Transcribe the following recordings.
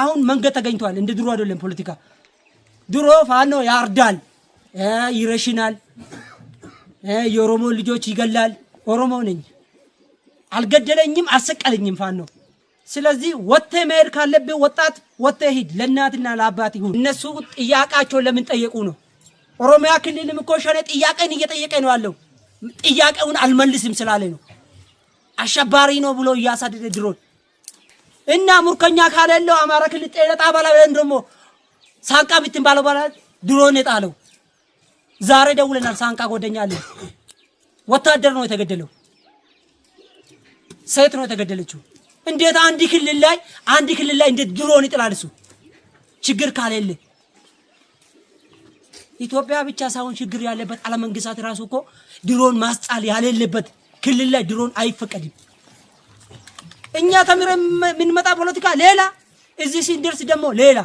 አሁን መንገድ ተገኝቷል። እንደ ድሮ አይደለም ፖለቲካ። ድሮ ፋኖ ያርዳል፣ ይረሽናል፣ የኦሮሞ ልጆች ይገላል። ኦሮሞ ነኝ አልገደለኝም፣ አሰቀለኝም ፋኖ። ስለዚህ ወጥተ መሄድ ካለብህ ወጣት ወጥተ ሂድ፣ ለእናትና ለአባት ይሁን። እነሱ ጥያቄያቸውን ለምን ጠየቁ ነው። ኦሮሚያ ክልልም እኮ ሸኔ ጥያቄን እየጠየቀ ነው ያለው። ጥያቄውን አልመልስም ስላለ ነው አሸባሪ ነው ብሎ እያሳደደ ድሮን እና ሙርከኛ ካለለው አማራ ክልል ጤለጣ ባላ ወይም ደግሞ ሳንቃ ባለው ባላ ድሮን የጣለው ዛሬ ደውለናል። ሳንቃ ጎደኛ አለ። ወታደር ነው የተገደለው፣ ሴት ነው የተገደለችው። እንዴት አንድ ክልል ላይ አንድ ክልል ላይ እንዴት ድሮን ይጥላል? እሱ ችግር ካለለ ኢትዮጵያ ብቻ ሳይሆን ችግር ያለበት አለመንግስታት መንግስታት ራሱ እኮ ድሮን ማስጣል ያለለበት ክልል ላይ ድሮን አይፈቀድም። እኛ ተምረን የምንመጣ ፖለቲካ ሌላ፣ እዚህ ሲንደርስ ደግሞ ሌላ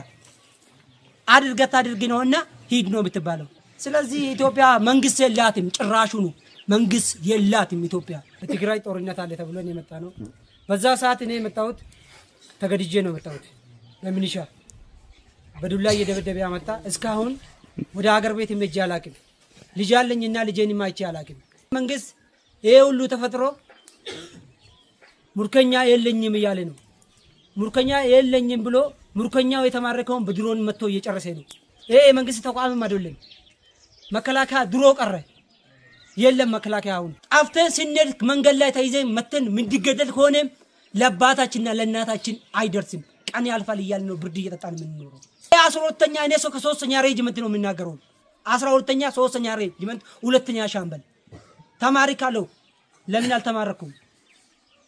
አድርገ ታድርግ ነውና ሂድ ነው የምትባለው። ስለዚህ ኢትዮጵያ መንግስት የላትም፣ ጭራሹ ነው መንግስት የላትም ኢትዮጵያ። በትግራይ ጦርነት አለ ተብሎ የመጣ ነው። በዛ ሰዓት እኔ የመጣሁት ተገድጄ ነው የመጣሁት። በሚኒሻ በዱላ እየደበደበ ያመጣ እስካሁን ወደ ሀገር ቤት ሄጄ አላቅም። ልጅ አለኝና ልጄን አይቼ አላቅም። መንግስት ይሄ ሁሉ ተፈጥሮ ሙርከኛ የለኝም እያለ ነው። ሙርከኛ የለኝም ብሎ ሙርከኛው የተማረከውን በድሮን መጥቶ እየጨረሰ ነው። ይሄ የመንግስት ተቋምም አይደለም። መከላከያ ድሮ ቀረ የለም። መከላከያ አሁን ጣፍተን ስንሄድ መንገድ ላይ ተይዘን መተን ምንድገደል ከሆነ ለአባታችንና ለእናታችን አይደርስም። ቀን ያልፋል እያለ ነው ብርድ እየጠጣን የምንኖረው። አስራ ሁለተኛ እኔ ሰው ከሶስተኛ ሬጅመንት ነው የምናገረው። አስራ ሁለተኛ ሶስተኛ ሬጅመንት ሁለተኛ ሻምበል ተማሪ ካለው ለምን አልተማረኩም?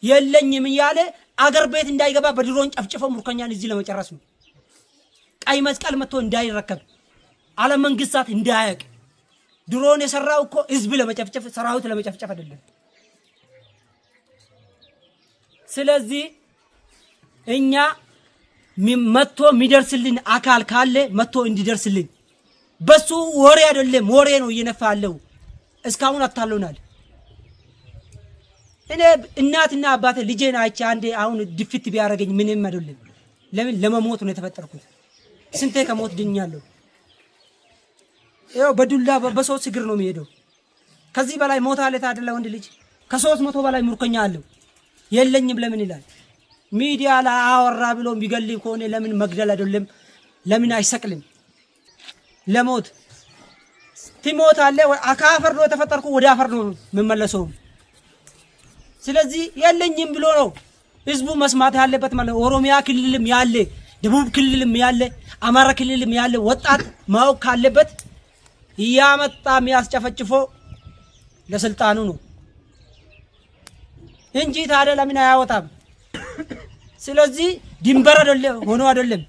የለኝም እያለ አገር ቤት እንዳይገባ በድሮን ጨፍጭፈው ምርኮኛን እዚህ ለመጨረስ ነው። ቀይ መስቀል መጥቶ እንዳይረከብ ዓለም መንግስታት እንዳያቅ ድሮን የሰራው እኮ ህዝብ ለመጨፍጨፍ ሰራዊት ለመጨፍጨፍ አይደለም። ስለዚህ እኛ መጥቶ የሚደርስልን አካል ካለ መጥቶ እንዲደርስልን፣ በሱ ወሬ አይደለም። ወሬ ነው እየነፋ ያለው። እስካሁን አታለውናል። እኔ እናትና አባት ልጄን አይቼ አንዴ አሁን ድፍት ቢያደርገኝ ምንም አይደለም። ለምን ለመሞት ነው የተፈጠርኩት። ስንቴ ከሞት ድኛለሁ። ይኸው በዱላ በሶስት እግር ነው የሚሄደው። ከዚህ በላይ ሞት አለ ታደለ? ወንድ ልጅ ከሶስት መቶ በላይ ምርኮኛ አለው። የለኝም ለምን ይላል? ሚዲያ ላይ አወራ ብሎ ቢገል ከሆነ ለምን መግደል አይደለም? ለምን አይሰቅልም? ለሞት ትሞት አለ። ከአፈር ነው የተፈጠርኩ፣ ወደ አፈር ነው የምመለሰውም ስለዚህ የለኝም ብሎ ነው ህዝቡ መስማት ያለበት ማለት ኦሮሚያ ክልልም ያለ ደቡብ ክልልም ያለ አማራ ክልልም ያለ ወጣት ማወቅ ካለበት እያመጣ የሚያስጨፈጭፎ ለስልጣኑ ነው እንጂ ታዲያ ለምን አያወጣም? ስለዚህ ድንበር አይደለም ሆኖ አይደለም።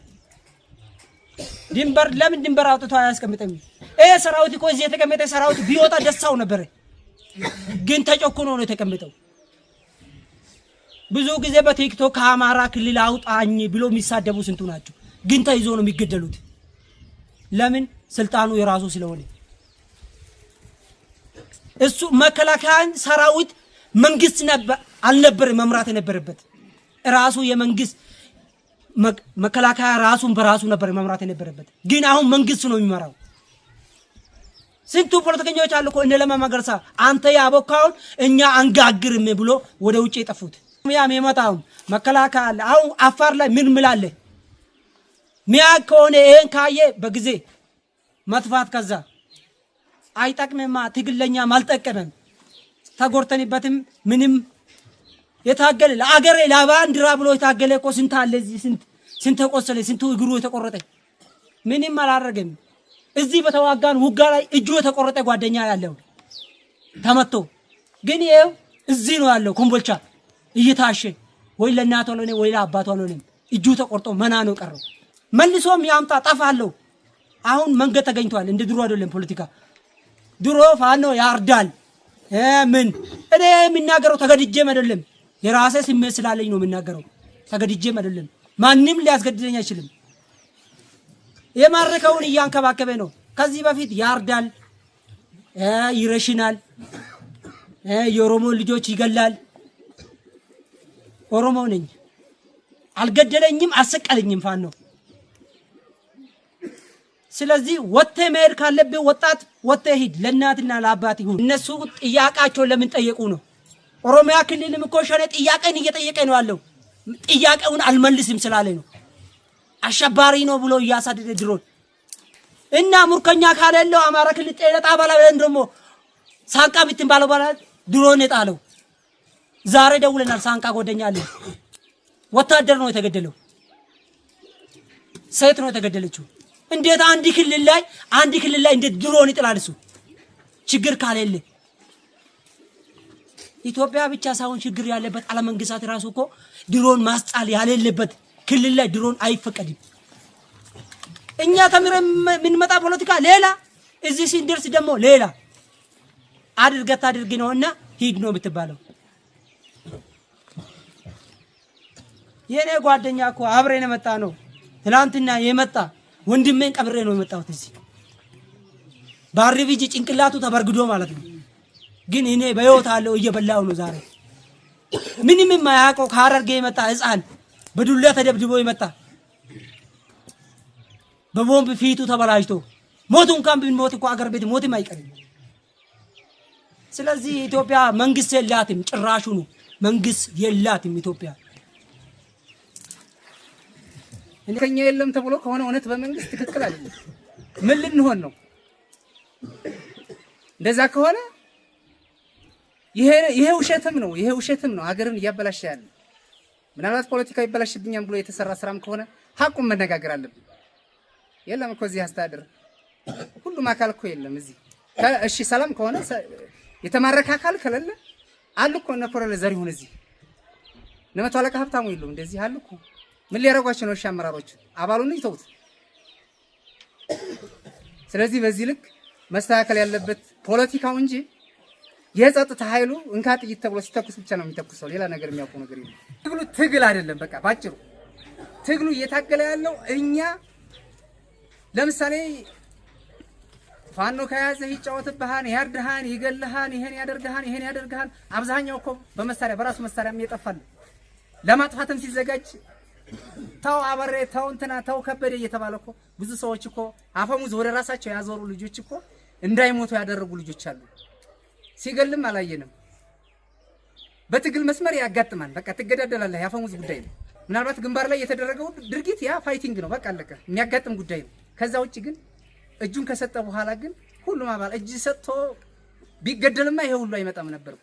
ድንበር ለምን ድንበር አውጥቶ አያስቀምጥም? ይሄ ሰራዊት እኮ እዚህ የተቀመጠ ሰራዊት ቢወጣ ደሳው ነበረ፣ ግን ተጨኩኖ ነው የተቀመጠው። ብዙ ጊዜ በቲክቶክ ከአማራ ክልል አውጣኝ ብሎ የሚሳደቡ ስንቱ ናቸው፣ ግን ተይዞ ነው የሚገደሉት። ለምን? ስልጣኑ የራሱ ስለሆነ እሱ መከላከያን ሰራዊት መንግስት አልነበር መምራት የነበረበት ራሱ የመንግስት መከላከያ ራሱን በራሱ ነበር መምራት የነበረበት፣ ግን አሁን መንግስት ነው የሚመራው። ስንቱ ፖለቲከኞች አሉ እኮ እነ ለማ መገርሳ አንተ ያቦካውን እኛ አንጋግርም ብሎ ወደ ውጭ የጠፉት ሚያም የመጣሁን መከላከያ አለ። አሁን አፋር ላይ ምን ምላለ ሚያ ከሆነ ይሄን ካየ በጊዜ መጥፋት ከዛ አይጠቅምማ። ትግለኛም አልጠቀመም። ተጎርተንበትም ምንም የታገለ ለአገር ለባንዲራ ብሎ የታገለ እኮ ስንት አለ እዚህ ስንት ስንት ተቆሰለ፣ ስንት እግሩ የተቆረጠ ምንም አላረገም። እዚህ በተዋጋን ውጋ ላይ እጁ የተቆረጠ ጓደኛ ያለው ተመቶ ግን ይኸው እዚህ ነው ያለው ኮምቦልቻ እየታሸ ወይ ለእናቷ አልሆነ ወይ ለአባቷ አልሆነም። እጁ ተቆርጦ መና ነው ቀረው። መልሶም ያምጣ ጠፋለሁ። አሁን መንገድ ተገኝቷል። እንደ ድሮ አይደለም ፖለቲካ። ድሮ ፋኖ ያርዳል ምን እኔ የሚናገረው ተገድጄም አይደለም የራሴ ስሜት ስላለኝ ነው የሚናገረው ተገድጄም አይደለም። ማንም ሊያስገድደኝ አይችልም። የማረከውን እያንከባከበ ነው። ከዚህ በፊት ያርዳል፣ ይረሽናል፣ የሮሞ ልጆች ይገላል ኦሮሞ ነኝ። አልገደለኝም፣ አልሰቀለኝም ፋኖ። ስለዚህ ወጥተህ መሄድ ካለብህ ወጣት ወጥተህ ሂድ። ለእናትና ለአባት ይሁን። እነሱ ጥያቄያቸውን ለምን ጠየቁ ነው። ኦሮሚያ ክልልም እኮ ሸኔ ጥያቄን እየጠየቀ ነው ያለው። ጥያቄውን አልመልስም ስላለ ነው አሸባሪ ነው ብሎ እያሳደደ ድሮን እና ሙርከኛ ካለለው አማራ ክልል ጤና ጣቢያ ላይ ብለን ደግሞ ሳንቃ የምትባለው ባላ ድሮን የጣለው ዛሬ ደውለናል። ሳንቃ ጎደኛ አለ። ወታደር ነው የተገደለው፣ ሴት ነው የተገደለችው። እንዴት አንድ ክልል ላይ አንድ ክልል ላይ እንዴት ድሮን ይጥላል? እሱ ችግር ካሌለ ኢትዮጵያ ብቻ ሳይሆን ችግር ያለበት ዓለም መንግስታት ራሱ እኮ ድሮን ማስጣል ያሌለበት ክልል ላይ ድሮን አይፈቀድም። እኛ ከምር የምንመጣ ፖለቲካ ሌላ፣ እዚህ ሲንደርስ ደግሞ ሌላ አድርገት አድርግ ነውና ሂድ ነው የምትባለው የእኔ ጓደኛ እኮ አብረን የመጣ ነው። ትላንትና የመጣ ወንድሜን ቀብሬ ነው የመጣሁት እዚህ ባሪቪጅ ጭንቅላቱ ተበርግዶ ማለት ነው። ግን እኔ በህይወት አለው እየበላው ነው ዛሬ ምንም የማያውቀው ከሀረርጌ የመጣ ህፃን በዱላ ተደብድቦ የመጣ በቦምብ ፊቱ ተበላሽቶ ሞቱ እንኳን ብንሞት እኮ አገር ቤት ሞትም አይቀርም። ስለዚህ ኢትዮጵያ መንግስት የላትም፣ ጭራሹ ነው መንግስት የላትም ኢትዮጵያ። ከኛ የለም ተብሎ ከሆነ እውነት በመንግስት ትክክል አይደለም። ምን ልንሆን ነው? እንደዛ ከሆነ ይሄ ውሸትም ነው፣ ይሄ ውሸትም ነው። ሀገርን እያበላሸ ያለ ምናልባት ፖለቲካ ይበላሽብኛል ብሎ የተሰራ ስራም ከሆነ ሀቁም መነጋገር አለብን። የለም እኮ እዚህ አስተዳደር ሁሉም አካል እኮ የለም እዚህ። እሺ ሰላም ከሆነ የተማረከ አካል ከሌለ አሉ እኮ እነ ኮሎኔል ዘሪሁን እዚህ እነ መቶ አለቃ ሀብታሙ የሉም እንደዚህ አሉ እኮ ምን ሊያደርጓቸው ነው? እሺ አመራሮች አባሉን ይተውት። ስለዚህ በዚህ ልክ መስተካከል ያለበት ፖለቲካው እንጂ የጸጥታ ኃይሉ እንካ ጥይት ተብሎ ሲተኩስ ብቻ ነው የሚተኩሰው። ሌላ ነገር የሚያውቁ ነገር የለም። ትግሉ ትግል አይደለም። በቃ ባጭሩ ትግሉ እየታገለ ያለው እኛ ለምሳሌ ፋኖ ከያዘ ይጫወትብሃን፣ ያርድሃን፣ ይገልሃን፣ ይሄን ያደርግሃን፣ ይሄን ያደርግሃን። አብዛኛው እኮ በመሳሪያ በራሱ መሳሪያም የጠፋል ለማጥፋትም ሲዘጋጅ ተው አበሬ ተው እንትና ተው ከበደ እየተባለ እኮ ብዙ ሰዎች እኮ አፈሙዝ ወደ ራሳቸው ያዞሩ ልጆች እኮ እንዳይሞቱ ያደረጉ ልጆች አሉ። ሲገልም አላየንም። በትግል መስመር ያጋጥማል። በቃ ትገዳደላለህ። የአፈሙዝ ጉዳይ ነው። ምናልባት ግንባር ላይ የተደረገው ድርጊት ያ ፋይቲንግ ነው። በቃ አለቀ። የሚያጋጥም ጉዳይ ነው። ከዛ ውጭ ግን እጁን ከሰጠ በኋላ ግን ሁሉም አባል እጅ ሰጥቶ ቢገደልማ ይሄ ሁሉ አይመጣም ነበር።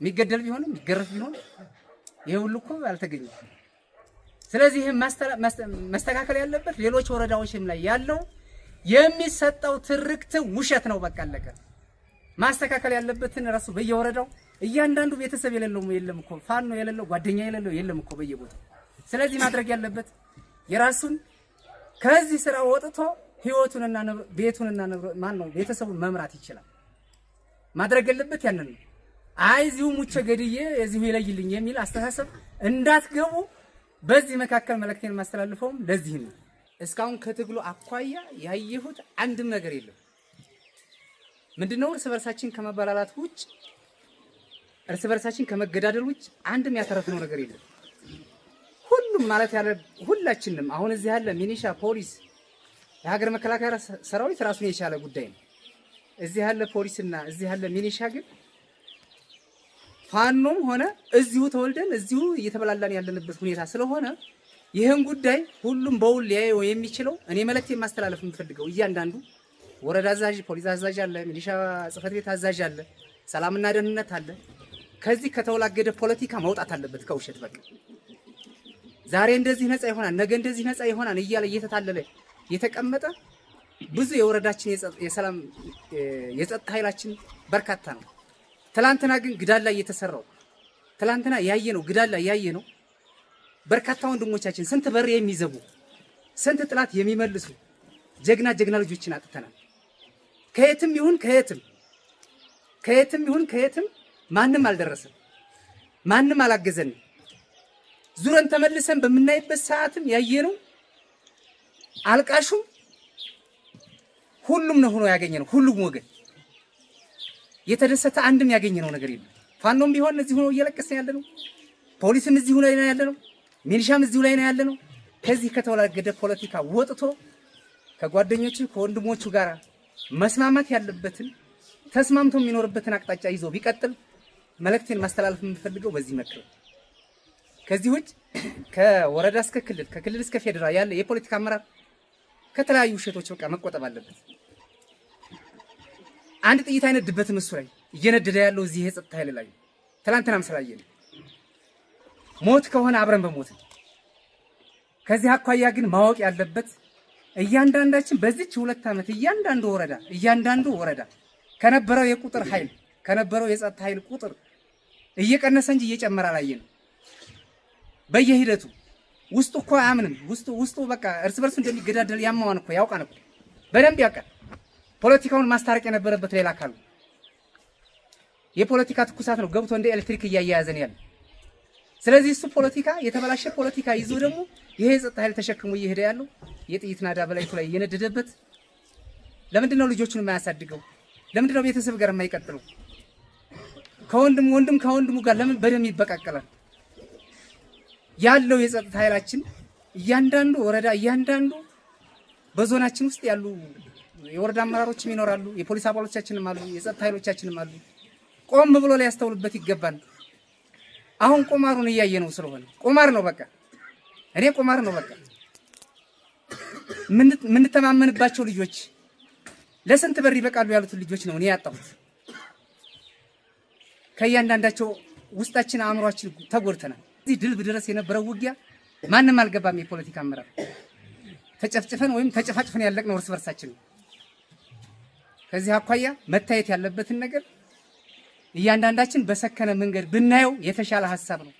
የሚገደል ቢሆንም የሚገረፍ ቢሆን ይሄ ሁሉ እኮ አልተገኘም። ስለዚህ መስተካከል ያለበት ሌሎች ወረዳዎችም ላይ ያለው የሚሰጠው ትርክት ውሸት ነው። በቃ አለቀ። ማስተካከል ያለበትን ራሱ በየወረዳው እያንዳንዱ ቤተሰብ የሌለው የለም እኮ ፋኖ የሌለው ጓደኛ የሌለው የለም እኮ በየቦታው። ስለዚህ ማድረግ ያለበት የራሱን ከዚህ ስራ ወጥቶ ህይወቱንና ቤቱንና ማን ነው ቤተሰቡን መምራት ይችላል። ማድረግ ያለበት ያንን ነው። አይ እዚሁ ሙቸ ገድዬ እዚሁ ይለይልኝ የሚል አስተሳሰብ እንዳትገቡ በዚህ መካከል መልእክቴን የማስተላልፈውም ለዚህ ነው። እስካሁን ከትግሉ አኳያ ያየሁት አንድም ነገር የለም። ምንድነው እርስ በርሳችን ከመበላላት ውጭ እርስ በርሳችን ከመገዳደል ውጭ አንድም ያተረፍነው ነገር የለም። ሁሉም ማለት ያለ ሁላችንም አሁን እዚህ ያለ ሚኒሻ፣ ፖሊስ፣ የሀገር መከላከያ ሰራዊት ራሱን የቻለ ጉዳይ ነው። እዚህ ያለ ፖሊስና እዚህ ያለ ሚኒሻ ግን ፋኖም ሆነ እዚሁ ተወልደን እዚሁ እየተበላላን ያለንበት ሁኔታ ስለሆነ ይህን ጉዳይ ሁሉም በውል ሊያየው የሚችለው እኔ መልእክቴን ማስተላለፍ የምፈልገው እያንዳንዱ ወረዳ አዛዥ፣ ፖሊስ አዛዥ አለ፣ ሚሊሻ ጽህፈት ቤት አዛዥ አለ፣ ሰላምና ደህንነት አለ። ከዚህ ከተወላገደ ፖለቲካ መውጣት አለበት ከውሸት በቃ ዛሬ እንደዚህ ነፃ ይሆናል፣ ነገ እንደዚህ ነፃ ይሆናል እያለ እየተታለለ የተቀመጠ ብዙ የወረዳችን የሰላም የጸጥታ ኃይላችን በርካታ ነው። ትላንትና ግን ግዳላ እየተሰራው ትላንትና ያየ ነው ግዳላ ያየ ነው። በርካታ ወንድሞቻችን ስንት በር የሚዘጉ ስንት ጥላት የሚመልሱ ጀግና ጀግና ልጆችን አጥተናል። ከየትም ይሁን ከየትም ከየትም ይሁን ከየትም ማንም አልደረሰም፣ ማንም አላገዘንም። ዙረን ተመልሰን በምናይበት ሰዓትም ያየነው አልቃሹም ሁሉም ነው ሆኖ ያገኘነው ሁሉም ወገን የተደሰተ አንድም ያገኘነው ነገር የለም። ፋኖም ቢሆን እዚሁ ነው እየለቀሰ ያለ ነው። ፖሊስም እዚሁ ላይ ነው ያለ ነው። ሚሊሻም እዚሁ ላይ ነው ያለ ነው። ከዚህ ከተወላገደ ፖለቲካ ወጥቶ ከጓደኞቹ ከወንድሞቹ ጋር መስማማት ያለበትን ተስማምቶ የሚኖርበትን አቅጣጫ ይዞ ቢቀጥል መልእክቴን ማስተላለፍ የምፈልገው በዚህ መክር። ከዚህ ውጭ ከወረዳ እስከ ክልል፣ ከክልል እስከ ፌዴራል ያለ የፖለቲካ አመራር ከተለያዩ ውሸቶች በቃ መቆጠብ አለበት። አንድ ጥይት አይነድበትም እሱ ላይ እየነደደ ያለው እዚህ የጸጥታ ኃይል ላይ ትላንትናም ስላየን ሞት ከሆነ አብረን በሞት ከዚህ አኳያ ግን ማወቅ ያለበት እያንዳንዳችን በዚች ሁለት ዓመት እያንዳንዱ ወረዳ እያንዳንዱ ወረዳ ከነበረው የቁጥር ኃይል ከነበረው የጸጥታ ኃይል ቁጥር እየቀነሰ እንጂ እየጨመረ አላየንም። በየሂደቱ ውስጡ እኮ አያምንም። ውስጡ ውስጡ በቃ እርስ በርሱ እንደሚገዳደል ያማዋን እኮ ያውቃን እኮ በደንብ ያውቃል። ፖለቲካውን ማስታረቅ የነበረበት ሌላ አካል የፖለቲካ ትኩሳት ነው ገብቶ እንደ ኤሌክትሪክ እያያያዘን ያለ። ስለዚህ እሱ ፖለቲካ የተበላሸ ፖለቲካ ይዞ ደግሞ ይሄ የጸጥታ ኃይል ተሸክሞ እየሄደ ያለው የጥይት ናዳ በላይቱ ላይ እየነደደበት፣ ለምንድን ነው ልጆቹን የማያሳድገው? ለምንድን ነው ቤተሰብ ጋር የማይቀጥለው? ከወንድም ወንድም ከወንድሙ ጋር ለምን በደም ይበቃቀላል? ያለው የጸጥታ ኃይላችን እያንዳንዱ ወረዳ እያንዳንዱ በዞናችን ውስጥ ያሉ የወረዳ አመራሮችም ይኖራሉ፣ የፖሊስ አባሎቻችንም አሉ፣ የጸጥታ ኃይሎቻችንም አሉ። ቆም ብሎ ሊያስተውልበት ይገባል። አሁን ቁማሩን እያየ ነው ስለሆነ ቁማር ነው በቃ እኔ ቁማር ነው በቃ የምንተማመንባቸው ልጆች ለስንት በር ይበቃሉ ያሉትን ልጆች ነው እኔ ያጣሁት። ከእያንዳንዳቸው ውስጣችን አእምሯችን ተጎድተናል። እዚህ ድልብ ድረስ የነበረው ውጊያ ማንም አልገባም። የፖለቲካ አመራር ተጨፍጭፈን ወይም ተጨፋጭፈን ያለቅነው እርስ በርሳችን ነው። ከዚህ አኳያ መታየት ያለበትን ነገር እያንዳንዳችን በሰከነ መንገድ ብናየው የተሻለ ሀሳብ ነው።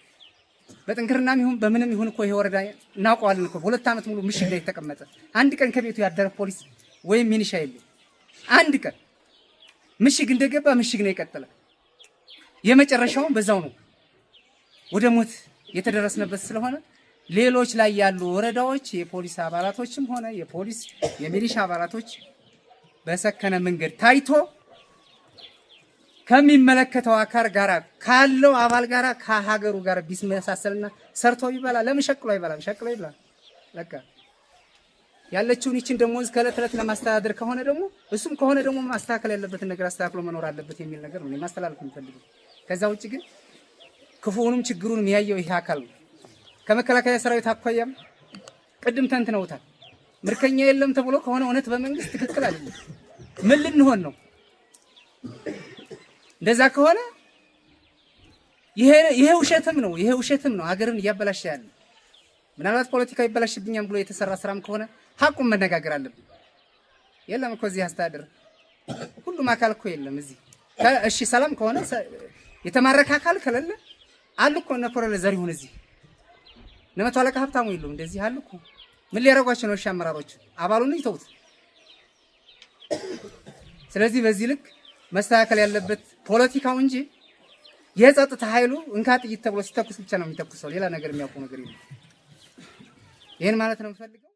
በጥንክርናም ይሁን በምንም ይሁን እኮ ይሄ ወረዳ እናውቀዋለን እኮ በሁለት ዓመት ሙሉ ምሽግ ላይ የተቀመጠ አንድ ቀን ከቤቱ ያደረ ፖሊስ ወይም ሚኒሻ የለም። አንድ ቀን ምሽግ እንደገባ ምሽግ ነው የቀጠለ። የመጨረሻውን በዛው ነው ወደ ሞት የተደረስነበት ስለሆነ ሌሎች ላይ ያሉ ወረዳዎች የፖሊስ አባላቶችም ሆነ የፖሊስ የሚሊሻ አባላቶች በሰከነ መንገድ ታይቶ ከሚመለከተው አካል ጋራ ካለው አባል ጋራ ከሀገሩ ጋር ቢመሳሰልና ሰርቶ ይበላል። ለምን ሸቅሎ አይበላም? ሸቅሎ ይበላል። በቃ ያለችውን ይችን ደሞዝ ከእለት እለት ለማስተዳደር ከሆነ ደግሞ እሱም ከሆነ ደግሞ ማስተካከል ያለበትን ነገር አስተካክሎ መኖር አለበት የሚል ነገር ነው ማስተላለፍ የሚፈልገው። ከዛ ውጭ ግን ክፉውንም ችግሩንም ያየው ይህ አካል ነው። ከመከላከያ ሰራዊት አኳያም ቅድም ተንትነውታል። ምርከኛ የለም ተብሎ ከሆነ እውነት በመንግስት ትክክል አይደለም። ምን ልንሆን ነው? እንደዛ ከሆነ ይሄ ውሸትም ነው፣ ይሄ ውሸትም ነው። ሀገርን እያበላሸ ያለ ምናልባት ፖለቲካ ይበላሽብኛም ብሎ የተሰራ ስራም ከሆነ ሀቁም መነጋገር አለብን። የለም እኮ እዚህ አስተዳደር ሁሉም አካል እኮ የለም እዚህ። እሺ ሰላም ከሆነ የተማረከ አካል ከሌለ አሉ እኮ እነ ኮሎኔል ዘሪሁን እዚህ እነ መቶ አለቃ ሀብታሙ የሉም እንደዚህ አሉ እኮ። ምን ሊያደርጓቸው ነው? እሺ አመራሮች አባሉን ይተውት። ስለዚህ በዚህ ልክ መስተካከል ያለበት ፖለቲካው እንጂ የጸጥታ ኃይሉ እንካ ጥይት ተብሎ ሲተኩስ ብቻ ነው የሚተኩሰው። ሌላ ነገር የሚያውቁ ነገር የለም። ይህን ማለት ነው የምፈልገው።